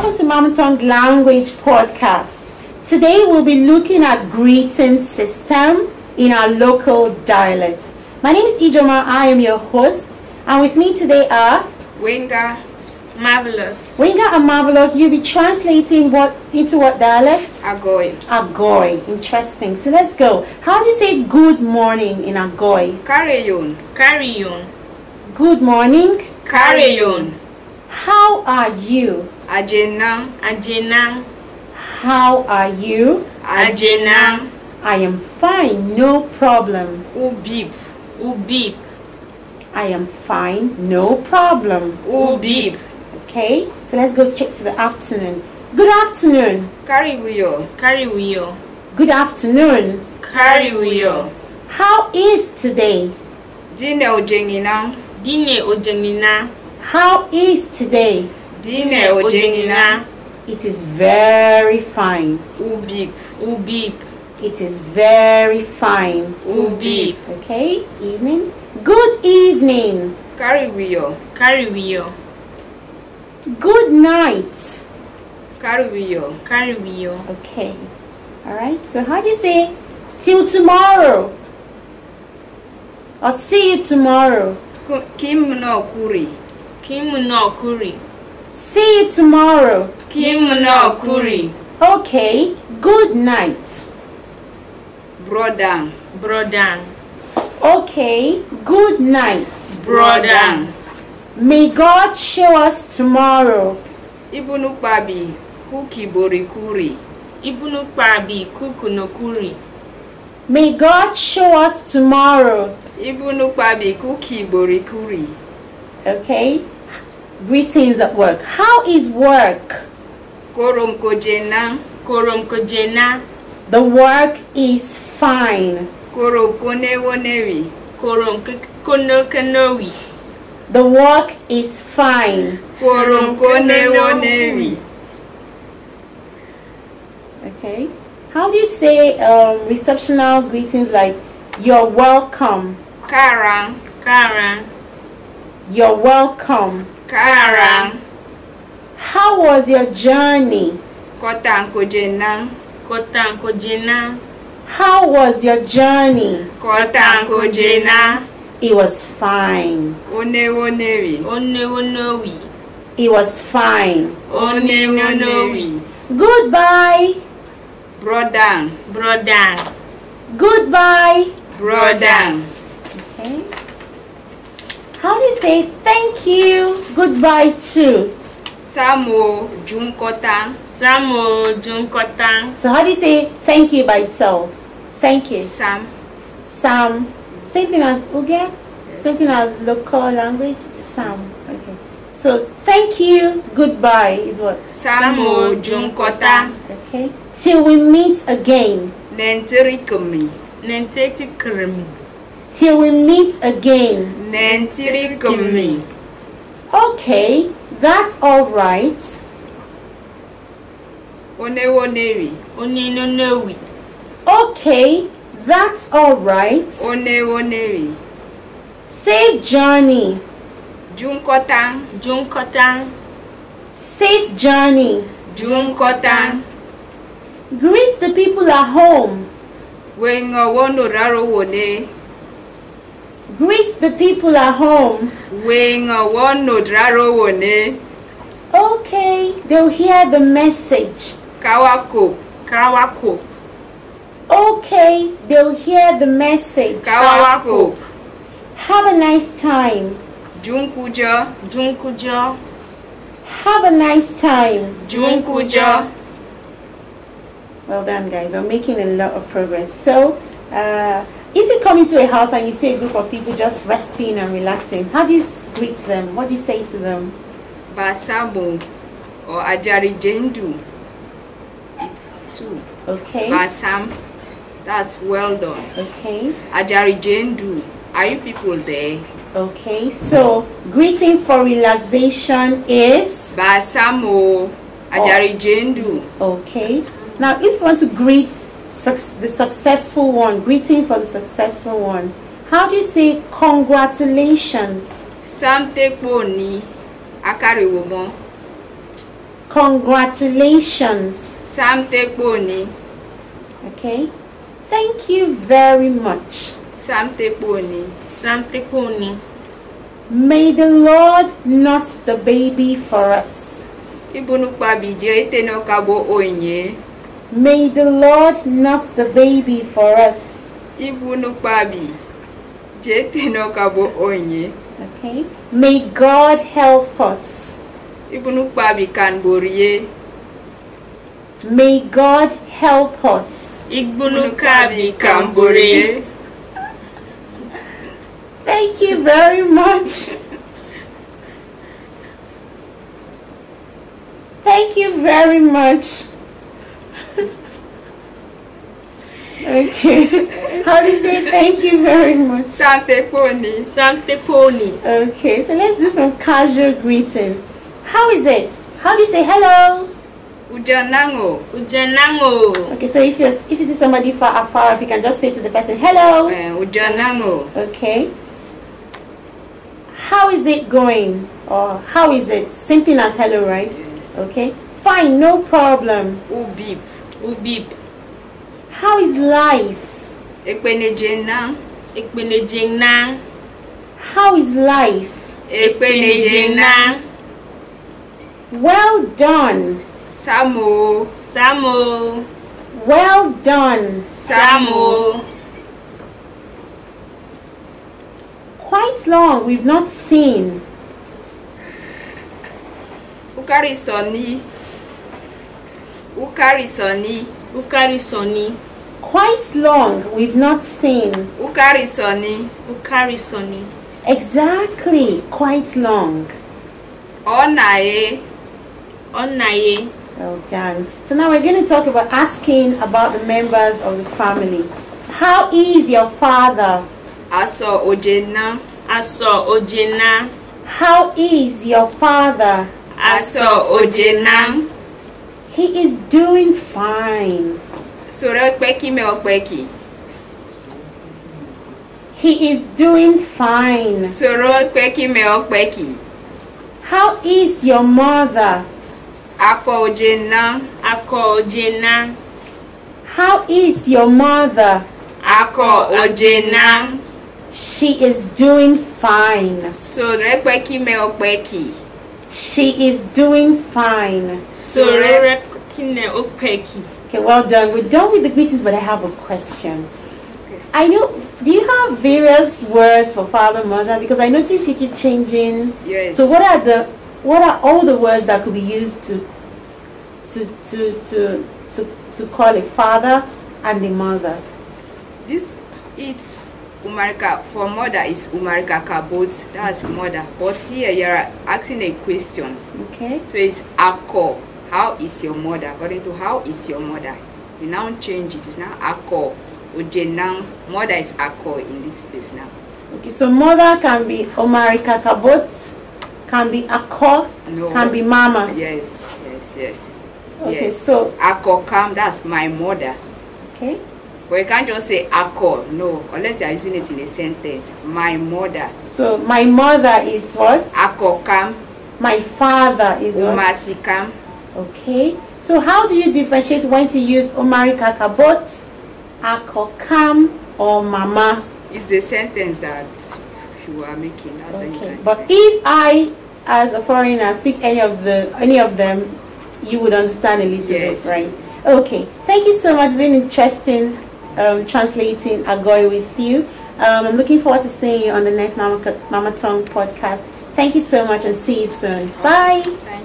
Welcome to Mama Tongue Language Podcast. Today we'll be looking at greeting system in our local dialect. My name is Ijoma, I am your host, and with me today are Winga Marvelous. Winga and Marvelous, you'll be translating what into what dialect? Agoy. Agoy. Interesting. So let's go. How do you say good morning in Agoy? Karayun. Karayun. Good morning. Karayun. How are you? Ajenang. Ajenang. How are you? Ajenang. I am fine, no problem. Ubib. Ubib. I am fine, no problem. Ubib. Okay, so let's go straight to the afternoon. Good afternoon. Karibuyo. Karibuyo. Good afternoon. Karibuyo. How is today? Dine ojengina. Dine ojengina. How is today? Dine ojenina. It is very fine. Ubip. Ubip. It is very fine. Ubip. Okay, evening. Good evening. Kariwiyo. Kariwiyo. Good night. Kariwiyo. Kariwiyo. Okay. Alright, so how do you say till tomorrow? I'll see you tomorrow. Kim no kuri. Kim no kuri. See you tomorrow. Kimuna Okuri. Okay, good night. Brother. Brother. Okay, good night. Brother. May God show us tomorrow. Ibunukbabi kukiborikuri. Ibunukbabi kukunokuri. May God show us tomorrow. Ibunukbabi kukiborikuri. Okay greetings at work. How is work? Korom kojena. Korom kojena. The work is fine. Korom konewonewi. Korom konokonowi. The work is fine. Korom konewonewi. Okay. How do you say um, receptional greetings like you're welcome? Karan. Karan. You're welcome. Kara. How was your journey? Kotankojena. Kotankojena. How was your journey? Kotankojena. It was fine. Onewoneri. Onewonowi. It was fine. Onewoneri. Goodbye. Brother. Brother. Goodbye. Brother. Okay. How do you say thank you, goodbye to? Samo junkotang. Samo junkotang. So how do you say thank you by itself? Thank you. Sam. Sam. Same thing as uge. Same thing as local language. Sam. Okay. So thank you, goodbye is what? Samo junkotang. Okay. Till we meet again. Nenterikumi. Nenterikumi. Till we meet again. Nentirikumi. Okay, that's all right. Onewonewi. Onenonewi. Okay, that's all right. Onewonewi. Safe journey. Junkotang. Junkotang. Safe journey. Junkotang. Greet the people at home. Wenga wono raro wone. Greet the people at home. Okay, they'll hear the message. Kawako, kawako. Okay, they'll hear the message. Kawako. Have a nice time. Junkuja, junkuja. Have a nice time. Junkuja. Well done, guys. I'm making a lot of progress. So, uh, if you come into a house and you see a group of people just resting and relaxing, how do you greet them? What do you say to them? Basabo or Ajarijendu. It's two. Okay. Basam. That's well done. Okay. Ajarijendu. Are you people there? Okay. So greeting for relaxation is Basamo. Ajarijendu. Oh. Okay. Now if you want to greet the successful one, greeting for the successful one. How do you say congratulations? Samtekponi akariwomo. Congratulations. Samtekponi. Okay. Thank you very much. Samtekponi. Samtekponi. May the Lord nurse the baby for us. Ibunukpa bije ite kabo onye. May the Lord nurse the baby for us. Okay. May God help us. May God help us. Thank you very much. Thank you very much. Okay. How do you say thank you very much? Sante Pony. Sante Pony. Okay, so let's do some casual greetings. How is it? How do you say hello? Ujanango. Ujanango. Okay, so if you if you see somebody far afar, if you can just say to the person, "Hello." Uh, Ujanango. Okay. How is it going? Or how is it? Simple as hello, right? Yes. Okay. Fine, no problem. Ubib. Ubib. How is life? Ekpenejena. Ekpenejena. How is life? Ekpenejena. Well done. Samo. Samo. Well done. Samo. Quite long we've not seen. Ukarisoni. Ukarisoni. Ukarisoni. Quite long we've not seen. Ukari Sonny. Ukari Sonny. Exactly, quite long. Onaye. Onaye. Well done. So now we're going to talk about asking about the members of the family. How is your father? Aso Ojena. Aso Ojena. How is your father? Aso Ojena. He is doing fine. Sora Okpeki me Okpeki. He is doing fine. Soro Okpeki me Okpeki. How is your mother? Ako Ojena. Ako Ojena. How is your mother? Ako Ojena. She is doing fine. Soro Okpeki me Okpeki. She is doing fine. Soro Okpeki me Okpeki. Okay, well done. We're done with the greetings, but I have a question. I know, do you have various words for father, mother? Because I notice you keep changing. Yes. So what are the, what are all the words that could be used to, to, to, to, to, to call a father and a mother? This, it's Umarika, for mother is Umarika Kabot, that's mother. But here you are asking a question. Okay. So it's Ako. How is your mother? According to how is your mother? We now change it. It's now Ako. Oje now. Mother is Ako in this place now. Okay, so mother can be Omarika Kabot, can be Ako, no. can be Mama. Yes, yes, yes. Okay, yes. so Ako Kam, that's my mother. Okay. But you can't just say Akko, no, unless you are using it in a sentence. My mother. So my mother is what? Akko kam. My father is Umasikam. what? Okay, so how do you differentiate when to use Omari Kakabot, Akokam, or Mama? It's the sentence that you are making. That's okay. you can but if I, as a foreigner, speak any of the any of them, you would understand a little yes. bit, right? Okay, thank you so much. It's been interesting um, translating Agoy with you. Um, I'm looking forward to seeing you on the next Mama, Mama Tongue podcast. Thank you so much and see you soon. Bye. Bye.